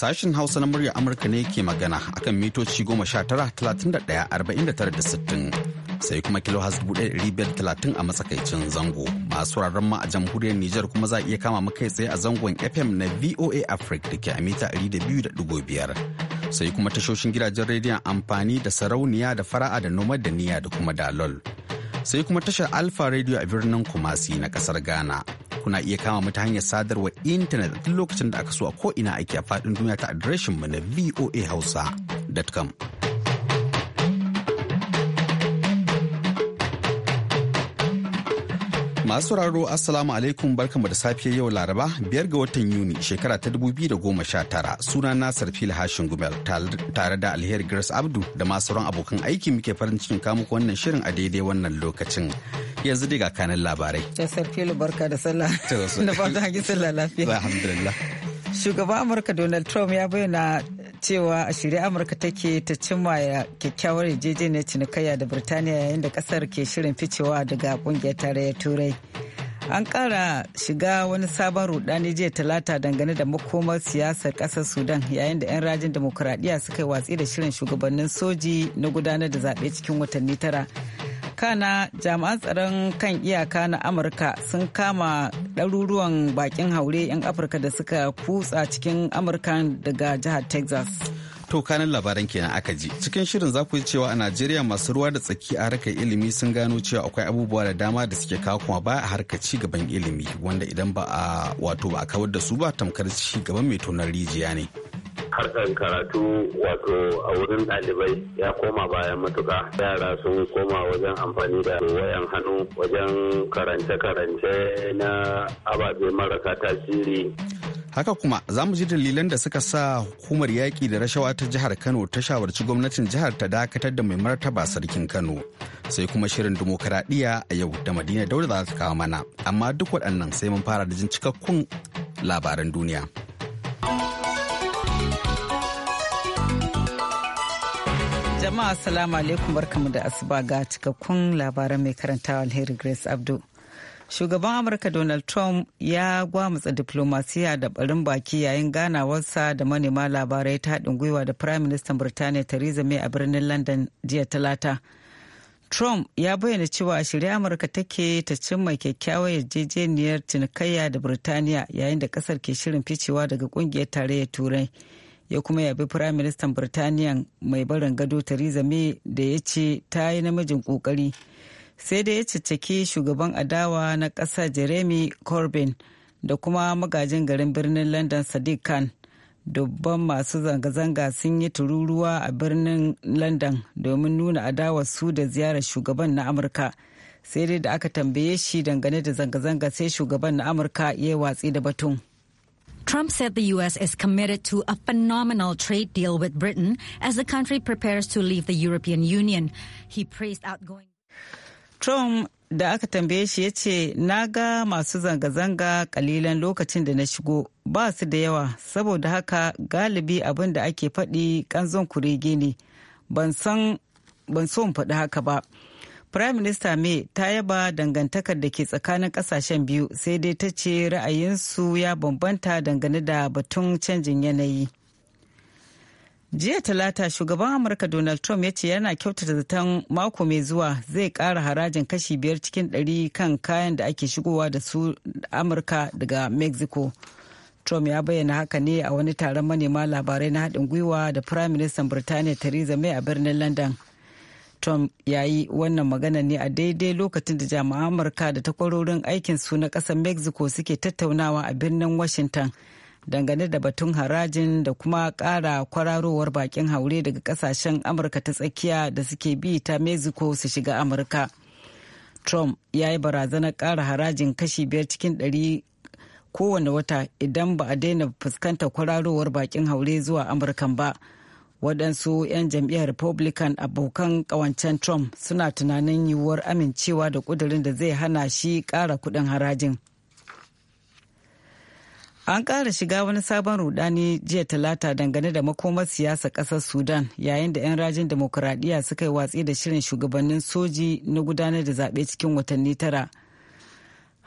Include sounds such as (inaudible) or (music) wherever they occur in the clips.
Sashen Hausa na murya Amurka ne ke magana akan mitoci 19-31-49-60 sai kuma kilo has 1530 a matsakaicin zango. Masu wuraren ma a jamhuriyar Nijar kuma za a iya kama makai tsaye a zangon FM na VOA Africa da ke a mita 200.5. Sai kuma tashoshin gidajen rediyon amfani da sarauniya da fara'a da noma da niyya da kuma dalol. Sai kuma tashar Alfa Radio a birnin Kumasi na kasar Ghana. kuna iya kama mu ta hanyar sadarwar intanet duk lokacin da aka so a ko'ina ake a faɗin duniya ta adireshin mu na voahausa.com. Masu sauraro Assalamu alaikum barkanmu da safiyar yau Laraba biyar ga watan Yuni shekara ta 2019 suna Nasar Fil Hashin Gumel tare da Alheri Grace Abdu da ma sauran abokan aiki muke farin cikin kamuku wannan shirin a daidai wannan lokacin. yanzu dai ga kanan labarai. Jasar barka da sallah. na fata hangi sallah lafiya. (laughs) Alhamdulillah. Shugaban Amurka Donald Trump ya bayyana cewa a shirye Amurka take ta cimma ya kyakkyawar yarjejeniyar cinikayya da Birtaniya yayin da kasar ke shirin ficewa daga kungiyar tarayyar Turai. An kara shiga wani sabon rudani jiya talata dangane da makomar siyasar kasar Sudan yayin da 'yan rajin demokuraɗiyya suka yi watsi da shirin shugabannin soji na gudanar da zaɓe cikin watanni tara. kana jami'an tsaron kan iyaka na amurka sun kama ɗaruruwan bakin haure 'yan afirka da suka kutsa cikin amurka daga jihar texas to kanin labaran kenan aka ji cikin shirin za ku ji cewa a najeriya masu ruwa da tsaki a harkar ilimi sun gano cewa akwai abubuwa da dama da suke kawo kuma ba a harkar ci gaban ilimi wanda idan ba a wato ba a kawar da su ba tamkar ci gaban mai tonar rijiya ne harkar karatu wato a wurin ɗalibai ya koma bayan matuka yara sun koma wajen amfani da wayan hannu wajen karance-karance na ababe maraka tasiri haka kuma za mu ji dalilan da suka sa hukumar yaƙi da rashawa ta jihar kano ta shawarci gwamnatin jihar ta dakatar da mai martaba sarkin kano sai kuma shirin dimokuraɗiyya a yau da madina daura za ta kawo mana amma duk waɗannan sai mun fara da jin cikakkun labaran duniya. Jama'a salamu alaikum barkamu da asuba ga cikakkun labaran mai karantawa alheri Grace Abdu. Shugaban Amurka Donald Trump ya gwamutsa diplomasiya da barin baki yayin ganawarsa da manema labarai ta haɗin gwiwa da Prime Minister Birtaniya Theresa May a birnin London jiya Talata. Trump ya bayyana cewa shirya Amurka take ta cimma kyakkyawar yarjejeniyar cinikayya da Birtaniya yayin da ƙasar ke shirin ficewa daga kungiyar tarayyar Turai. ya kuma yabi firayim ministan birtaniya mai barin gado theresa may da ya ce ta yi namijin kokari sai da ya caccake shugaban adawa na ƙasa jeremy corbyn da kuma magajin garin birnin london sadiq khan dubban masu zanga-zanga sun yi tururuwa a birnin london domin nuna adawar su da ziyarar shugaban na amurka sai dai da aka tambaye shi dangane da zanga-zanga sai shugaban na amurka ya watsi da batun Trump said the U.S. is committed to a phenomenal trade deal with Britain as the country prepares to leave the European Union. He praised outgoing. Trump da aka tambaye shi ya ce na ga masu zanga-zanga kalilan lokacin da na shigo ba su da yawa saboda haka galibi abin da ake faɗi kanzon kurege ne ban so faɗi haka ba Prime Minister May ta yaba dangantakar da ke tsakanin kasashen biyu sai dai ta ce ra'ayinsu ya bambanta dangane da batun canjin yanayi. Jiya Talata shugaban Amurka Donald Trump ya ce yana kyautata zaton mako mai zuwa zai kara harajin kashi biyar cikin ɗari kan kayan da ake shigowa da su Amurka daga Mexico. Trump ya bayyana haka ne a wani taron manema labarai na haɗin gwiwa da Prime Minister Birtaniya Theresa May a birnin London. Trump ya yi wannan magana ne a daidai lokacin da jami'an Amurka da takwarorin aikin su na ƙasar Mexico suke tattaunawa a birnin Washington dangane da batun harajin da kuma ƙara kwararowar bakin haure daga ƙasashen Amurka ta tsakiya da suke bi ta Mexico su shiga Amurka. Trump ya yi barazanar ƙara harajin kashi biyar cikin ɗari kowane wata idan ba a daina fuskantar kwararowar bakin haure zuwa Amurka ba. waɗansu 'yan jam'iyyar republican abokan ƙawancen trump suna tunanin yiwuwar amincewa da ƙudurin da zai hana shi ƙara kuɗin harajin an ƙara shiga wani sabon rudani jiya talata dangane da makomar siyasa ƙasar sudan yayin da 'yan rajin demokuraɗiyya suka yi watsi da shirin shugabannin soji na gudanar da zaɓe cikin watanni tara.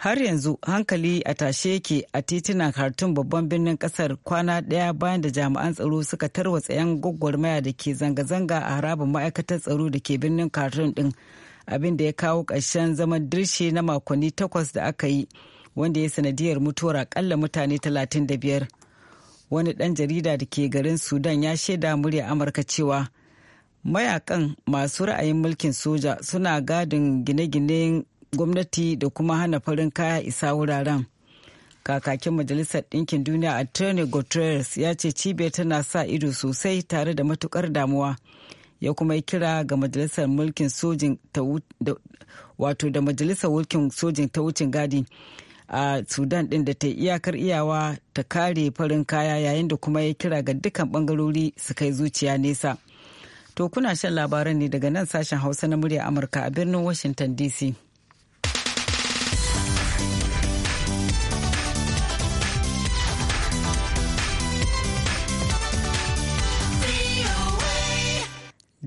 har yanzu hankali a tashe yake a titunan khartoum babban birnin kasar kwana ɗaya bayan da jami'an tsaro suka tarwatsa 'yan gwagwarmaya da ke zanga-zanga a harabar ma'aikatar tsaro da ke birnin khartoum ɗin abin da ya kawo ƙarshen zaman dirshe na makonni takwas da aka yi wanda ya sanadiyar mutuwar akalla mutane talatin da biyar. wani ɗan jarida da ke garin sudan ya shaida murya amurka cewa mayakan masu ra'ayin mulkin soja suna gadin gine-ginen gwamnati da kuma hana farin kaya isa wuraren kakakin majalisar ɗinkin duniya antonio guterres ya ce cibiyar tana sa ido sosai tare da matukar damuwa ya kuma yi kira ga majalisar mulkin sojin ta wato da majalisar mulkin sojin ta wucin gadi a sudan ɗin da ta iyakar iyawa ta kare farin kaya yayin da kuma ya kira ga dukkan bangarori su kai zuciya nesa to kuna shan labaran ne daga nan sashen hausa na murya amurka a birnin washington dc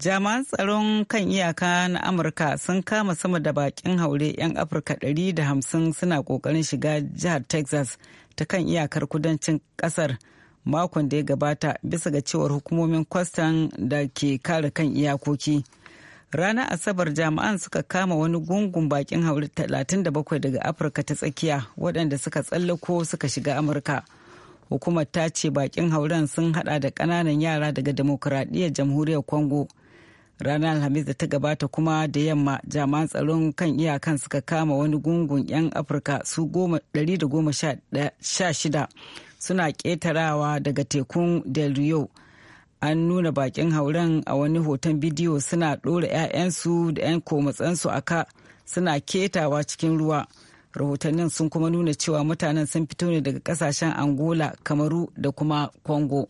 jami'an tsaron kan iyaka na amurka sun kama sama da bakin haure 'yan afirka 150 suna kokarin shiga jihar texas ta kan iyakar kudancin kasar makon da ya gabata bisa ga cewar hukumomin kwastan da ke kare kan iyakoki ranar asabar jami'an suka kama wani gungun bakin haure 37 daga afirka ta tsakiya waɗanda suka tsallako suka shiga amurka. hukumar ta ce bakin hauren sun hada da ƙananan yara daga demokuraɗiyyar jamhuriyar kongo. ranar alhamis da ta gabata kuma da yamma jami'an tsaron kan iyakan suka kama wani gungun 'yan afirka su 116 suna ƙetarawa daga tekun del rio an nuna bakin hauren a wani hoton bidiyo suna ɗora 'ya'yansu da 'yan komatsansu a ka suna ketawa cikin ruwa rahotannin sun kuma nuna cewa mutanen sun fito ne daga kasashen angola kamaru da kuma kongo.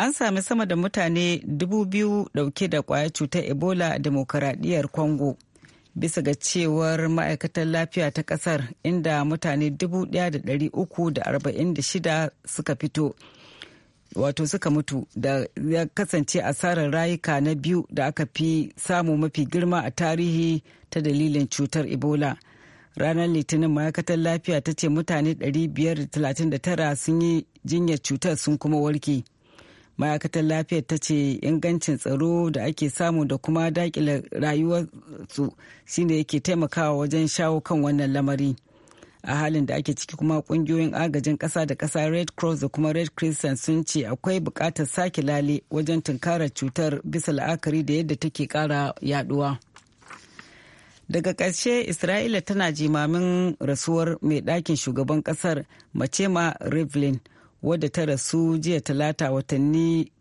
an sami sama da mutane dubu biyu dauke da kwaya cutar ebola a demokaradiyyar congo bisa ga cewar ma'aikatar lafiya ta kasar inda mutane dubu suka fito wato suka mutu da ya kasance asarar rayuka na biyu da aka fi samu mafi girma a tarihi ta dalilin cutar ebola ranar litinin ma'aikatar lafiya ta ce mutane 539 sun yi jinyar cutar sun kuma warke ma'aikatar lafiyar ta ce ingancin tsaro da ake samu da kuma dakile rayuwarsu shine yake taimakawa wajen shawo kan wannan lamari a halin da ake ciki kuma kungiyoyin agajin kasa da kasa red cross da kuma red crescent sun ce akwai bukatar sake lale wajen tunkarar cutar bisa la'akari da yadda take kara yaduwa daga ƙarshe isra'ila tana jimamin rasuwar mai ɗakin shugaban ƙasar ma rivlin wadda ta rasu jiya talata watanni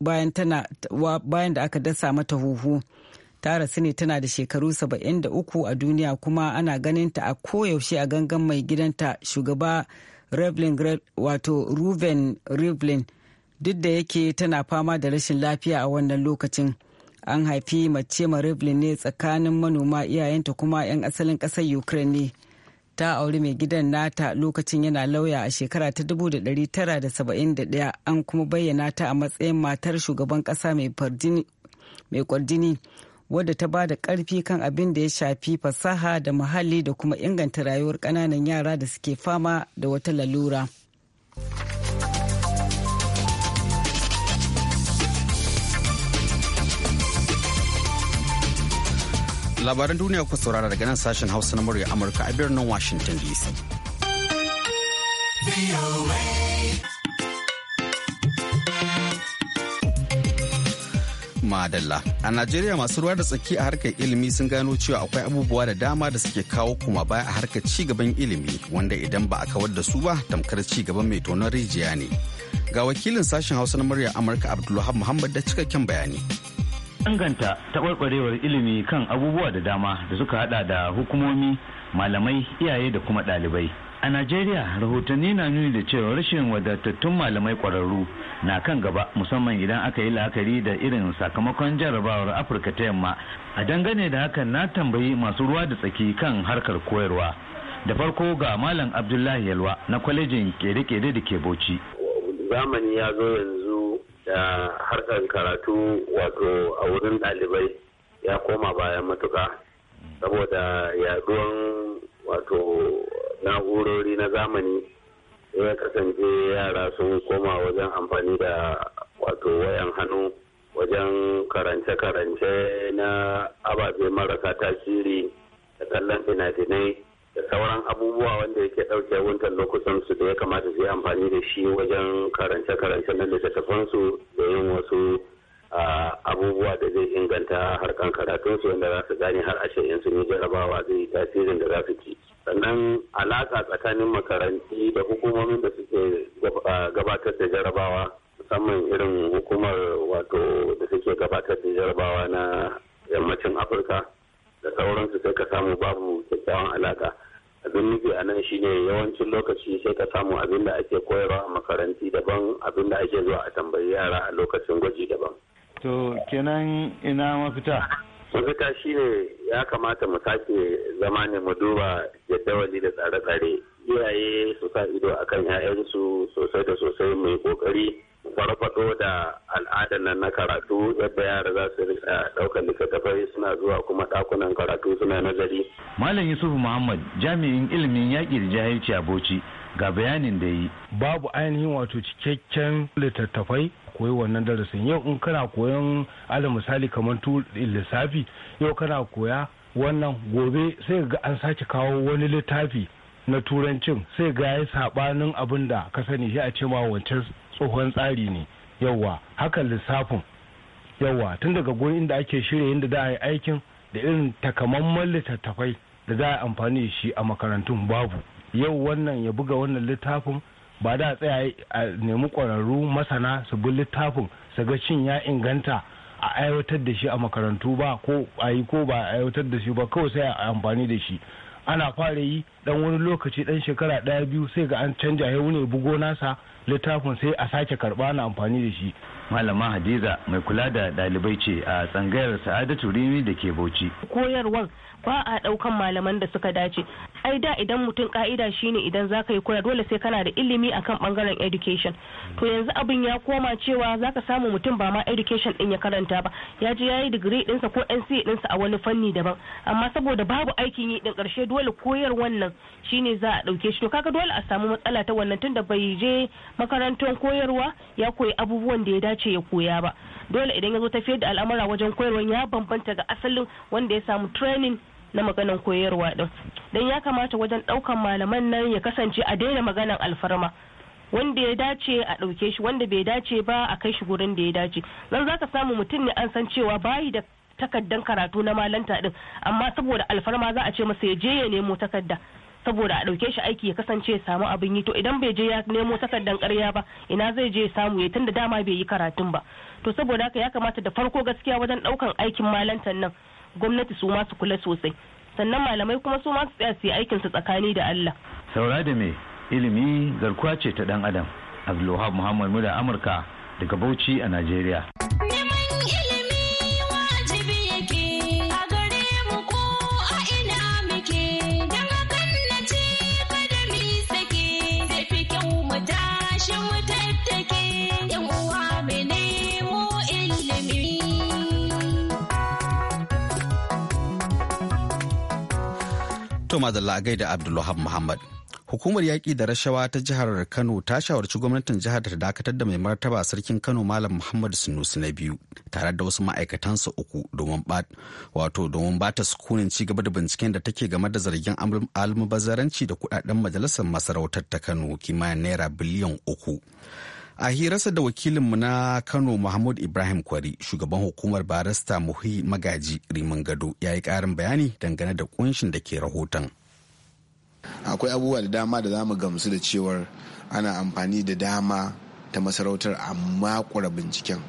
bayan da aka dasa mata huhu ta rasu ne tana da shekaru 73 a duniya kuma ana ganin ta a koyaushe a gangan mai gidanta shugaba Revlin wato ruben Revlin duk da yake tana fama da rashin lafiya a wannan lokacin. An haifi mace ma Revlin ne tsakanin manoma iyayenta kuma 'yan asalin ƙasar Ukraine ne. ta auri mai gidan nata lokacin yana lauya a shekara ta 1971 an kuma bayyana ta a matsayin matar shugaban kasa mai kwardini wadda ta ba da karfi kan abin da ya shafi fasaha da muhalli da kuma inganta rayuwar kananan yara da suke fama da wata lalura. labaran duniya ku saurara daga nan sashen hausa na murya amurka a birnin washington dc madalla a najeriya masu ruwa da tsaki a harkar ilimi sun gano cewa akwai abubuwa da dama da suke kawo kuma baya a harkar cigaban ilimi wanda idan ba a kawar da su ba tamkar cigaban mai tonon rijiya ne ga wakilin sashen hausa na murya amurka abdulwahab muhammad da cikakken bayani danganta taɓarɓarewar ilimi kan abubuwa da dama da suka hada da hukumomi malamai iyaye da kuma ɗalibai a najeriya rahotanni na nuni da cewa rashin wadatattun malamai kwararru na kan gaba musamman idan aka yi la'akari da irin sakamakon jarabawar afirka ta yamma a dangane da hakan na tambayi masu ruwa da tsaki kan harkar koyarwa da farko ga malam abdullahi yalwa na kwalejin kere-kere da ke bauchi zamani ya zo yanzu da harkar karatu wato a wurin ɗalibai ya koma bayan matuka saboda yaduwan wato na'urori na zamani ya kasance yara sun koma wajen amfani da wato wayan hannu wajen karance-karance na ababe marasa tasiri da kallon fina-finai da sauran abubuwa wanda yake ɗauke wuntan lokutan su da ya kamata su yi amfani da shi wajen karance-karance na littattafan su da yin wasu abubuwa da zai inganta harkan karatun su wanda za su gane har ashe in su ne jarabawa zai tasirin da za su ci sannan alaƙa tsakanin makaranti da hukumomin da suke gabatar da jarabawa musamman irin hukumar wato da suke gabatar da jarabawa na yammacin afirka da sauransu sai ka samu babu kyakkyawan alaka abin nufi a nan shine yawancin lokaci sai ka samu abin da ake koyarwa a makaranti daban abin da ake zuwa a tambayi yara a lokacin gwaji daban to kenan ina mafita mafita shine ya kamata mu sake zama ne mu duba jadawali da tsare-tsare iyaye su sa ido akan 'ya'yansu sosai da sosai mai kokari farfado da al'adar nan na karatu yadda yara za su rika daukar littattafai suna zuwa kuma dakunan karatu suna nazari. Malam Yusuf Muhammad jami'in ilimin yaƙi da jahilci a Bauchi ga bayanin da yi. Babu ainihin wato cikakken littattafai koyi wannan darasin yau in kana koyon ala misali kamar lissafi yau kana koya wannan gobe sai ga an sake kawo wani littafi na turancin sai ga ya sabanin abin da ka sani shi a ce ma wancan tsohon tsari ne yawa hakan lissafin yawa tun daga gurin inda ake shirya yadda za a yi aikin da irin takamaiman littattafai da za a amfani da shi a makarantun babu yau wannan ya buga wannan littafin ba da tsaya a nemi ƙwararru masana su bi littafin su ga cin ya inganta a aiwatar da shi a makarantu ba ko a yi ko ba a aiwatar da shi ba kawai sai a amfani da shi ana fara yi dan wani lokaci dan shekara ɗaya biyu sai ga an canja ya wuni bugo nasa littafin sai a sake karɓa na amfani da shi malama hadiza mai kula da dalibai ce a tsangayar sa'adatu rimi da ke bauchi koyarwar ba a ɗaukan malaman da suka dace ai da idan mutum ka'ida shine idan za ka yi koyar dole sai kana da ilimi akan bangaren education to yanzu abin ya koma cewa za ka samu mutum ba ma education din ya karanta ba ya ji ya yi digiri dinsa ko nc sa a wani fanni daban amma saboda babu aikin yi din karshe dole koyar wannan shine za a ɗauke shi to kaga dole a samu matsala ta wannan tunda bai je makarantar koyarwa ya koyi abubuwan da ya dace ce ya koya ba dole idan ya zo tafiyar da al'amura wajen koyarwa ya bambanta ga asalin wanda ya samu training na maganan koyarwa din don ya kamata wajen daukan malaman nan ya kasance a daina maganan alfarma wanda ya dace a ɗauke shi wanda bai dace ba a kai shi gurin da ya dace za zaka samu mutum ne an san cewa bayi da takaddan karatu na malanta din amma saboda alfarma za a ce masa ya je ya nemo takadda saboda a ɗauke shi aiki ya kasance ya samu abin yi to idan bai je ya nemo takardar karya ba ina zai je ya samu ya tunda dama bai yi karatun ba to saboda haka ya kamata da farko gaskiya wajen ɗaukan aikin malantan nan gwamnati su ma su kula sosai sannan malamai kuma su ma su tsaya su yi aikin su tsakani da Allah saura da me ilimi garkuwa ce ta dan adam Abdulwahab Muhammad Muda Amurka daga Bauchi a Najeriya. To madalla a gaida Abdulwahab Muhammad. Hukumar yaƙi da rashawa ta jihar Kano ta shawarci gwamnatin jihar da dakatar da mai martaba sarkin Kano Malam Muhammad sunusu na biyu tare da wasu ma'aikatansa uku domin wato domin bata sukunin ci gaba da binciken da take game da zargin almubazaranci da kudaden majalisar masarautar ta Kano kimanin naira biliyan uku. a hirarsa da wakilinmu na kano mahmud ibrahim kwari shugaban hukumar barista muhi magaji riman gado ya yi karin bayani dangane da kunshin da ke rahoton akwai abubuwa da dama da zamu gamsu da cewar ana amfani da dama ta masarautar amma kura binciken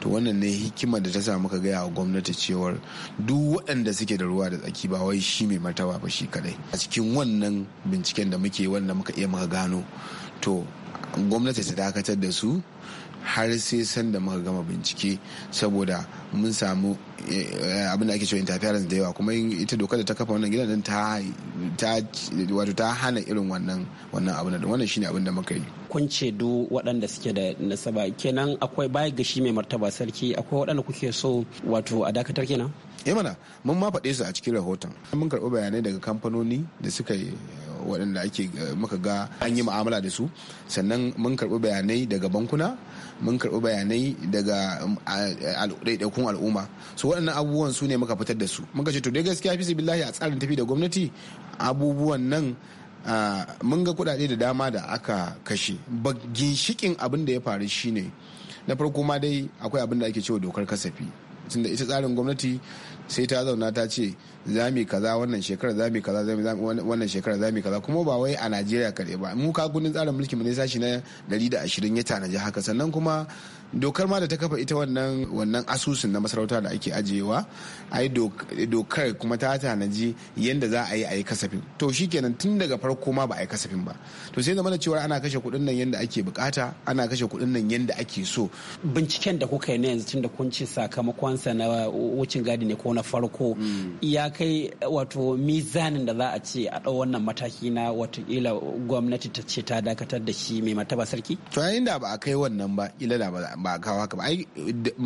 to wannan ne hikima da ta sa muka gaya wa gwamnati cewar duk waɗanda suke da ruwa da tsaki ba wai shi mai martaba ba shi kadai a cikin wannan binciken da muke wanda muka iya muka gano to gwamnati ta dakatar da su har sai sanda muka gama bincike saboda mun samu eh, abin da ake cewa interference da yawa kuma ita dokar da ta kafa wannan gidan ta ta hana irin wannan wannan abin da wannan shine abin da muka yi kun ce du waɗanda suke da nasaba kenan akwai baya gashi mai martaba sarki akwai waɗanda kuke so wato a dakatar kenan eh mun ma faɗe su a cikin rahoton mun karɓi bayanai daga kamfanoni da suka yi waɗanda ake eh, muka ga an yi mu'amala da su sannan mun karɓi bayanai daga bankuna mun karɓi bayanai daga mm, ɗaiɗaikun al'umma so waɗannan abubuwan su ne muka fitar da su muka ce to dai gaskiya fi billahi a tsarin tafi da gwamnati abubuwan nan mun ga kuɗaɗe da dama da aka kashe ba ginshikin abin da ya faru shine na farko ma dai akwai abin da ake cewa dokar kasafi tunda ita tsarin gwamnati sai ta zauna ta ce za mu kaza wannan shekarar za mu kaza wannan shekarar za mu kaza kuma ba wai a Najeriya kaɗai ba mu ka gudun tsarin mulki mu ne sashi na ashirin ya tanaji haka sannan kuma dokar ma da ta kafa ita wannan wannan asusun na masarauta da ake ajiyewa ai dokar kuma ta tanaji yadda za a yi a yi kasafin to shikenan tun daga farko ma ba a yi kasafin ba to sai zamana cewa ana kashe kuɗin nan yadda ake bukata ana kashe kuɗin nan yadda ake so binciken da kuka yi na yanzu tun da kun ce sakamakonsa na wucin gadi ne ko na farko mm. ya kai wato mizanin da za a ce a ɗau wannan mataki na watakila gwamnati ta ce ta dakatar da shi mai mataba sarki? to yayin da ba a kai wannan ba ila da ba a kawo haka ba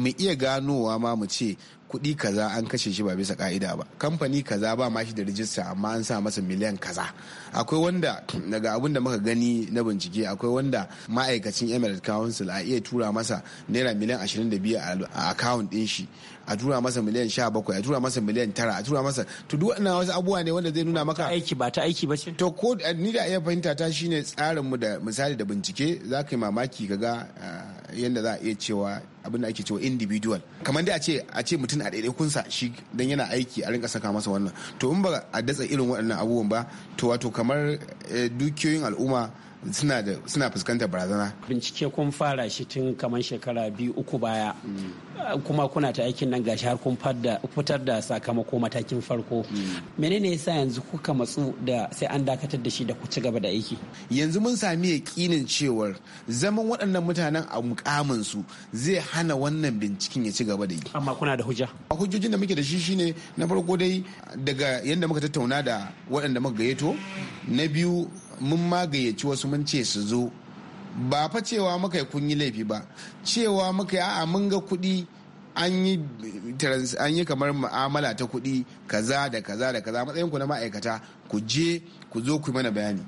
mu iya ganowa ma mu ce kuɗi kaza an kashe shi ba bisa ka'ida ba kamfani kaza ba ma shi da rijista amma an sa masa miliyan kaza akwai wanda daga abin da muka gani na bincike akwai wanda ma'aikacin emirate council a iya tura masa naira miliyan 22 a account din shi a tura masa miliyan 17 a tura masa miliyan 9 a tura masa to duk wannan wasu abubuwa ne wanda zai nuna maka aiki ba ta aiki ba ce to ko eh, ni da iya fahimta ta shine tsarin mu da misali da bincike za yi mamaki kaga eh, yadda za a iya cewa abin da ake cewa individual kamar dai a ce a ce mutum a kunsa shi dan yana aiki a rinka saka masa wannan to in ba a datsa irin waɗannan abubuwan ba to wato kamar eh, dukiyoyin al'umma suna fuskantar barazana bincike kun fara shi tun kamar shekara biyu uku baya mm. kuma kuna ta aikin nan gashi har kun fitar da sakamako matakin farko mm. menene yasa yanzu kuka matsu da sai an dakatar da shi da ku ci gaba da aiki yanzu mun sami yakinin cewar zaman waɗannan mutanen a mukamin su zai hana wannan binciken ya ci gaba da yi amma kuna da hujja hujjojin da muke da shi shine na farko dai daga yadda muka tattauna da waɗanda muka gayyato na biyu mun magayyaci wasu mun ce su zo ba fa cewa muka kun yi laifi ba cewa muka a'a mun ga kuɗi an yi kamar mu'amala ta kuɗi kaza da kaza da kaza matsayin ku na ma'aikata ku je ku zo ku mana bayani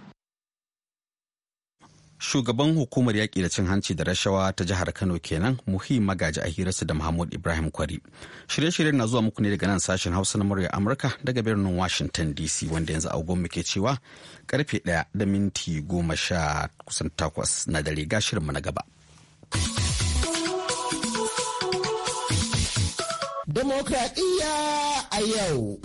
shugaban hukumar yaƙi da cin hanci da rashawa ta jihar kano kenan muhi magaji a hirarsa da mahmud ibrahim kwari shirye-shiryen na zuwa muku ne daga nan sashen hausa na murya amurka daga birnin washington dc wanda yanzu agon muke cewa karfe ɗaya da minti goma sha kusan takwas na dare ga shirinmu na gaba Demokradiyya a yau.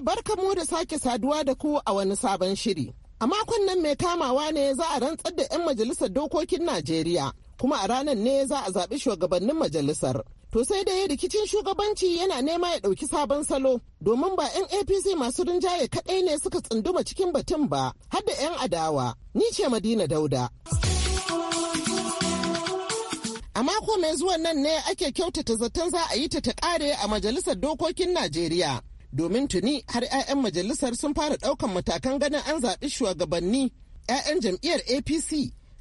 barka mu da sake saduwa da ku a wani sabon shiri. A makon nan mai kamawa ne za a rantsar da 'yan majalisar dokokin Najeriya, kuma a ranar ne za a zaɓi shugabannin majalisar. To sai dai rikicin shugabanci yana nema ya ɗauki sabon salo, domin ba 'yan APC masu rinjaye kaɗai ne suka tsunduma cikin batun ba, har da 'yan adawa. Ni ce Madina Dauda. A mako mai zuwan nan ne ake kyautata zaton za a yi ta ta ƙare a majalisar dokokin Najeriya. domin tuni har 'ya'yan majalisar sun fara ɗaukan matakan ganin an zaɓi shugabanni 'ya'yan jam'iyyar apc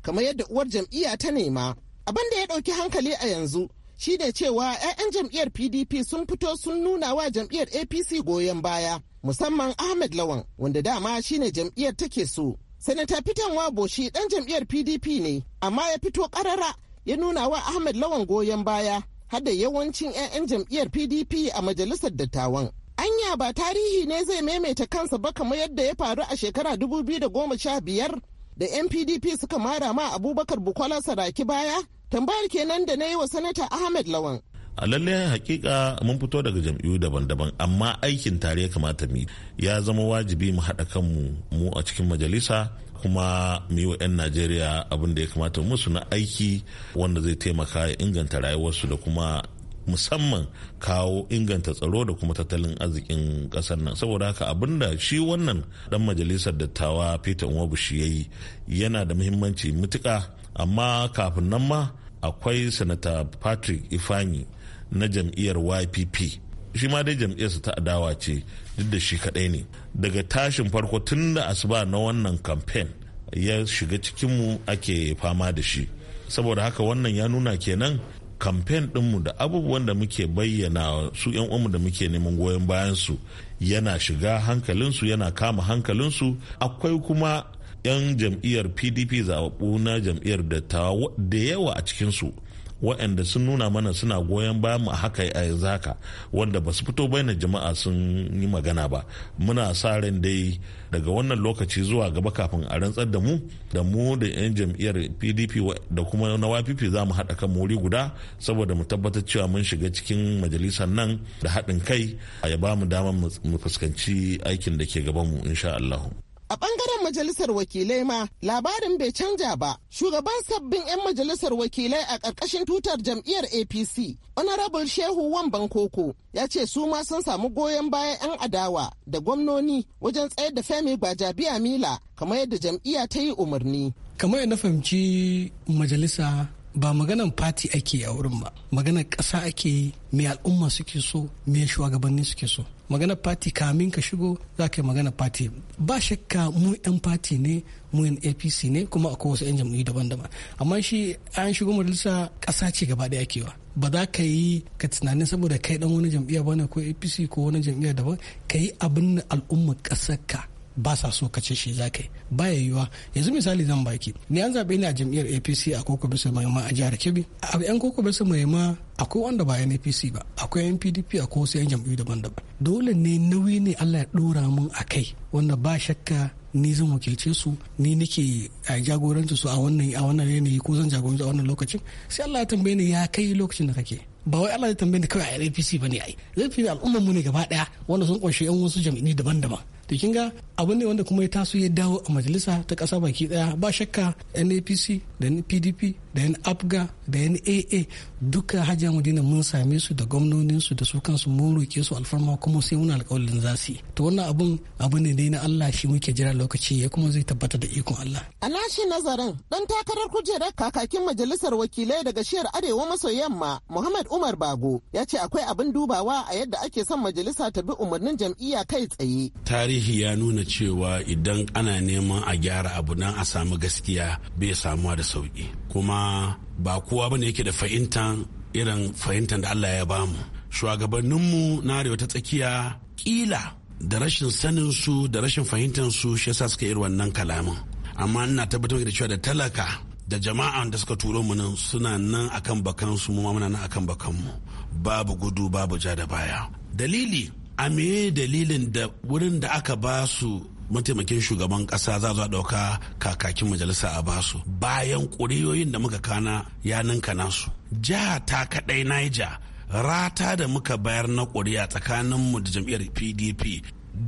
kamar yadda uwar jam'iyya ta nema abin da ya ɗauki hankali a yanzu shine cewa 'ya'yan jam'iyyar pdp sun fito sun nuna wa jam'iyyar apc goyon baya musamman ahmed lawan wanda dama shine jam'iyyar take so sanata fitan boshi dan jam'iyyar pdp ne amma ya fito karara ya nuna wa ahmed lawan goyon baya har da yawancin 'ya'yan jam'iyyar pdp a majalisar dattawan anya ba tarihi ne zai maimaita kansa ba kamar yadda ya faru a shekara 2015 da npdp suka mara ma abubakar bukola saraki baya tambayar kenan da na yi wa sanata ahmed lawan a lallai hakika mun fito daga jam'iyyu daban-daban amma aikin tare ya kamata mu ya zama wajibi mu haɗa kanmu mu a cikin majalisa kuma mu yi wa 'yan najeriya abin da ya kamata musu na aiki wanda zai taimaka ya inganta rayuwarsu da kuma musamman kawo inganta tsaro da kuma tattalin arzikin kasar nan saboda haka abin da shi wannan dan majalisar dattawa peter shi ya yi yana da muhimmanci mutuka amma kafin nan ma akwai sanata patrick ifanyi na jam'iyyar ypp shi ma dai jam'iyyarsa ta adawa ce duk da shi kadai ne daga tashin farko tun da asuba na wannan kamfen ya shiga cikinmu ake fama da shi saboda haka wannan ya nuna kenan kamfen ɗinmu da abubuwan da muke bayyana su 'yan uwanmu da muke neman goyon bayansu yana shiga hankalinsu yana kama hankalinsu akwai kuma 'yan jam'iyyar pdp zaɓaɓɓu na jam'iyyar dattawa da yawa a cikin su. waɗanda sun nuna mana suna goyon bayan mu haka a yanzu haka wanda ba su fito bayan jama'a sun yi magana ba muna sa ran dai daga wannan lokaci zuwa gaba kafin a rantsar da mu da mu da 'yan jam'iyyar pdp da kuma na ypp za mu haɗa kan wuri guda saboda mu tabbatar cewa mun shiga cikin majalisar nan da haɗin kai a ya ba mu damar mu fuskanci aikin da ke gabanmu insha allahu. A bangaren majalisar wakilai ma labarin bai canja ba. Shugaban sabbin 'yan majalisar wakilai a ƙarƙashin tutar jam'iyyar APC, Honorable Shehu Wan Bankoko, ya ce su ma sun samu goyon bayan 'yan adawa da gwamnoni wajen tsayar da Femi Gbajabiya Mila kamar yadda jam'iyya ta yi umarni. Kamar na fahimci majalisa ba maganan fati ake a wurin ba maganan ƙasa ake yi me al'umma suke so me shugabanni suke so magana fati kamin ka shigo za ka yi magana fati ba shakka mu yan fati ne mu yan apc ne kuma akwai wasu yan jam'iyyu daban-daban amma shi an shigo majalisa ƙasa ce gaba ɗaya kewa ba za ka yi ka tunanin saboda kai dan wani jam'iyya ne ko apc ko wani jam'iyya daban ka yi abin al'ummar ƙasar ka ba sa so kace shi za ka yi ba ya yiwuwa yanzu misali zan baki ni an zaɓe ni a jam'iyyar apc a koko bisa mai ma a jihar kebbi a yan koko bisa mai ma akwai wanda ba yan apc ba akwai yan pdp a wasu yan jam'iyyu daban-daban dole ne nauyi ne allah ya ɗora mun a kai wanda ba shakka ni zan wakilce su ni nake eh, jagoranci su a wannan a wannan yanayi ko zan jagoranci a wannan lokacin sai Allah ya tambaye ni ya kai lokacin da kake ba wai Allah ya tambaye ni kawai a APC ba bane ai zai fi al'ummar mu ne gaba daya wanda sun kunshi yan wasu jam'iyyu daban-daban da kin ga abu ne wanda kuma ya taso ya dawo a majalisa ta kasa baki ɗaya ba shakka NAPC da PDP da yan Abga da yan AA duka Hajiya Madina mun same su da gwamnonin su da su kansu mun roke su alfarma kuma sai muna alƙawarin za su to wannan abun abu ne dai na Allah shi muke jira lokaci ya kuma zai tabbata da ikon Allah a nashi nazarin dan takarar kujerar kakakin majalisar wakilai daga shiyar arewa maso yamma Muhammad Umar Bago ya ce akwai abin dubawa a yadda ake son majalisa ta bi umarnin jam'iyya kai tsaye tarihi tarihi ya nuna cewa idan ana neman a gyara abu nan a samu gaskiya bai samuwa da sauki kuma ba kowa bane yake da fahimtan irin fahimtan da Allah ya bamu shugabanninmu na arewa ta tsakiya kila da rashin sanin su da rashin fahimtar su shi yasa suka yi wannan kalamin amma ina tabbatar da cewa da talaka da jama'an da suka turo mu nan suna nan akan bakan su mu muna nan akan bakan mu babu gudu babu ja da baya dalili a me dalilin da wurin da aka ba su mataimakin shugaban kasa za zuwa dauka kakakin majalisa a basu bayan ƙuriyoyin da muka kana ya ninka nasu jiha ta kaɗai naija rata da muka bayar na ƙuri'a tsakaninmu da jam'iyyar pdp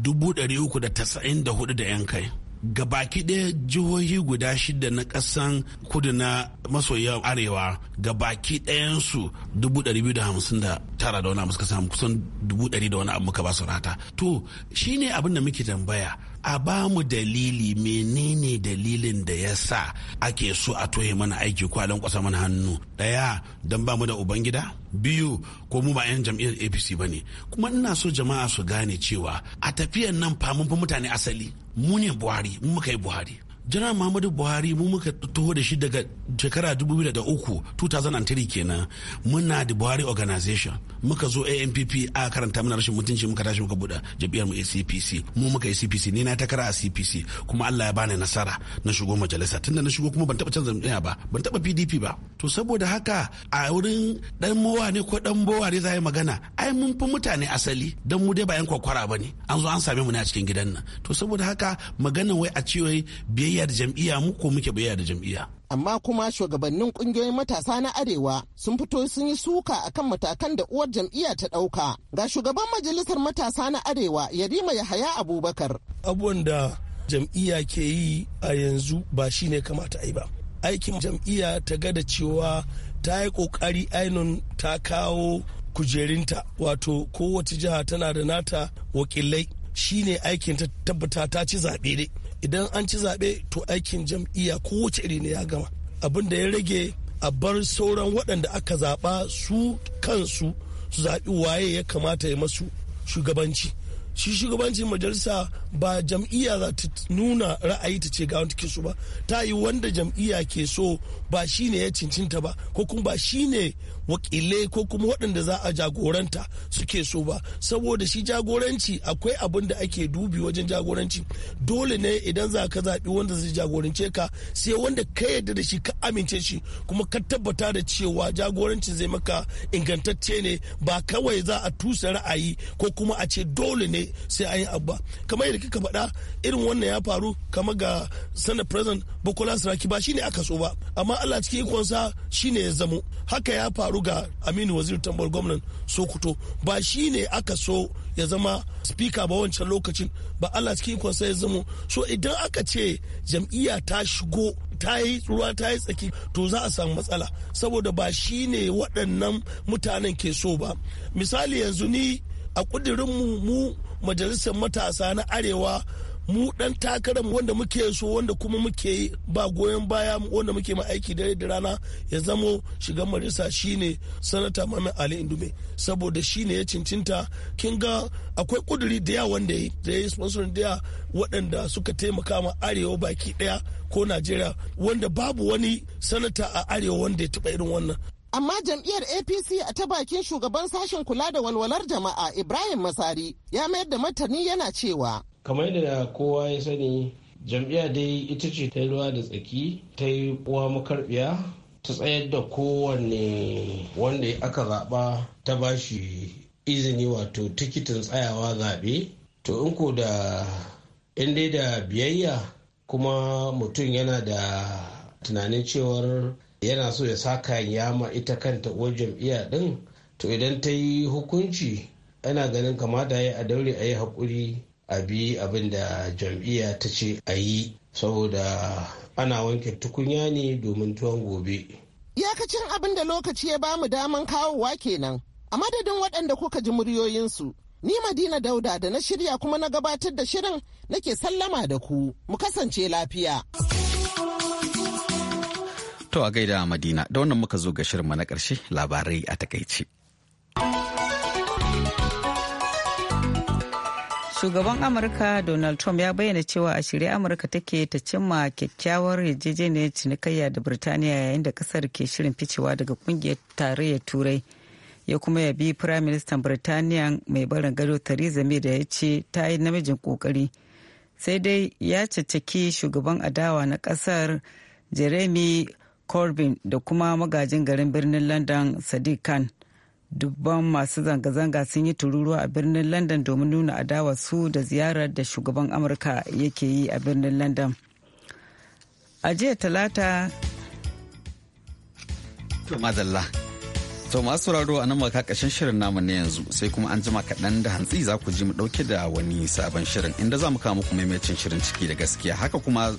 394 da 'yan kai gabaki ɗaya jihohi guda shida na ƙasan kudu na maso arewa gabaki ɗayansu dubu ɗari biyu da hamsin da tara da wani abu suka samu kusan dubu ɗari da wani abu muka ba su rata to shine abin da muke tambaya a ba mu dalili menene dalilin da ya sa ake so a toye mana aiki kwalan kwasa mana hannu daya don ba mu da ubangida biyu ko mu ba 'yan jam'iyyar apc ba ne kuma ina so jama'a su gane cewa a tafiyan nan fa mun mutane asali mu ne buhari mu muka yi buhari jana muhammadu buhari mu muka taho da shi daga shekara 2003 2003 kenan muna da buhari organization muka zo ampp a karanta mana rashin mutunci muka tashi muka buɗe jabiyar mu acpc mu muka acpc ne na takara a cpc kuma allah ya bani nasara na shigo majalisa tunda na shigo kuma ban taɓa canza jam'iyya ba ban taɓa pdp ba to saboda haka a wurin dan mowa ne ko dan bowa ne za a yi magana ai mun fi mutane asali dan mu dai ba yan kwakwara ba ne an zo an same mu ne a cikin gidan nan to saboda haka magana wai a ce wai biyayya da jam'iyya mu ko muke biyayya da jam'iyya amma kuma shugabannin kungiyoyin matasa na arewa sun fito sun yi suka akan matakan da uwar jam'iyya ta ɗauka ga shugaban majalisar matasa na arewa yarima yahaya abubakar abubuwan da jam'iyya ke yi a yanzu ba shi ne kamata a yi ba aikin jam'iyya ta gada cewa ta yi kokari ainun ta kawo kujerinta wato kowace jiha tana da nata wakilai shine aikin ta tabbata ta ci zaɓe dai idan an ci zaɓe to aikin jam'iyya ko kowace iri ne ya gama abin da ya rage a bar sauran waɗanda aka zaɓa su kansu su zaɓi waye ya kamata ya masu shugabanci shi shugabancin majalisa ba jam'iyya za ta nuna ra'ayi ta ce ga wanda ke ba ta yi wanda jam'iyya ke so ba shine ya cincinta ba ko kuma ba shine wakile ko kuma waɗanda za a jagoranta suke so ba saboda shi jagoranci akwai abin da ake dubi wajen jagoranci dole ne idan za ka zaɓi wanda zai jagorance ka sai wanda ka yarda da shi ka amince shi kuma ka tabbata da cewa jagoranci zai maka ingantacce ne ba kawai za a tusa ra'ayi ko kuma a ce dole ne sai an yi abu kamar yadda kika faɗa irin wannan ya faru kamar ga sanar president bukola saraki ba shine aka so ba amma allah cikin ikonsa shine ya zamo haka ya faru ruga aminu waziri tambar gwamnan sokoto ba shi ne aka so ya zama spika ba wancan lokacin ba allah cikin ikon sai ya zamo so idan aka ce jam'iyya ta shigo ta yi ruwa ta yi tsaki to za a samu matsala saboda ba shi ne waɗannan mutanen ke so ba misali yanzu ni a ƙudurinmu mu majalisar matasa na arewa mu dan takarar wanda muke so wanda kuma muke ba goyon baya wanda muke ma aiki dare da rana ya zamo shiga majalisa shine sanata mame ali indume saboda shine ya cincinta kin ga akwai kuduri da yawa wanda ya da ya sponsorin da waɗanda suka taimaka ma arewa baki daya ko najeriya wanda babu wani sanata a arewa wanda ya taɓa irin wannan amma jam'iyyar apc a ta bakin shugaban sashen kula da walwalar jama'a ibrahim masari ya mayar da martani yana cewa kamar da kowa ya sani jam'iyya dai ita ce ta yi ruwa da tsaki ta yi uwa makarbiya ta tsayar da kowanne wanda aka zaɓa ta ba shi izini wato tikitin tsayawa zaɓe to in ko da in dai da biyayya kuma mutum yana da tunanin cewar yana so ya saka yama ita kanta uwar jam'iyya din to idan ta yi hukunci ana ganin kamata ya a daure a yi haƙuri a bi abin da jam'iyya ta ce a yi saboda ana wanke tukunya ne domin tuwon gobe. Iyakacin abin da lokaci ya bamu daman kawowa kenan a madadin waɗanda kuka ji muryoyinsu. Ni Madina Dauda da na shirya kuma na gabatar da shirin nake sallama da ku. Mu kasance lafiya. To a gaida Madina, da wannan muka zo ga shirinmu na ƙarshe labarai a takaice. shugaban amurka donald trump ya bayyana cewa a shirye amurka take ta cimma kyakkyawar yarjejeniyar cinikayya da birtaniya yayin da kasar ke shirin ficewa daga kungiyar tarayyar turai ya kuma ya bi prime minister birtaniya mai barin gado theresa may da ya ce ta yi namijin kokari sai dai ya caccaki shugaban adawa na kasar jeremy corbyn da kuma magajin garin birnin london sadiq khan dubban masu zanga-zanga sun yi tururuwa a birnin london domin nuna adawa su da ziyarar da shugaban amurka yake yi a birnin london a jiya talata To masu sauraro a nan maka shirin namu na yanzu sai kuma an jima kaɗan da hantsi za ku ji mu ɗauke da wani sabon shirin inda za mu kawo muku maimacin shirin ciki da gaskiya haka kuma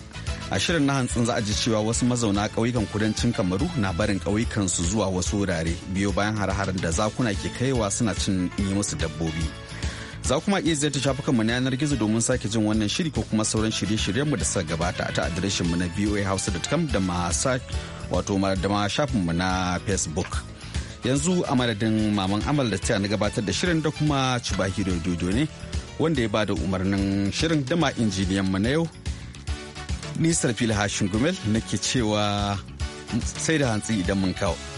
a shirin na hantsin za a ji cewa wasu mazauna ƙauyukan kudancin kamaru na barin ƙauyukan su zuwa wasu wurare biyo bayan har-haren da zakuna ke kaiwa suna cin yi musu dabbobi. Za kuma iya ziyarta shafukanmu na yanar gizo domin sake jin wannan shiri ko kuma sauran shirye-shiryenmu da suka gabata ta adireshinmu na voahausa.com da ma wato da ma shafinmu na facebook. yanzu a madadin maman amal da na gabatar da shirin da kuma cibaki dodo ne wanda ya bada umarnin shirin dama injiniyan mu na yau nisar fili hashin gumel nake cewa sai da hantsi idan mun kawo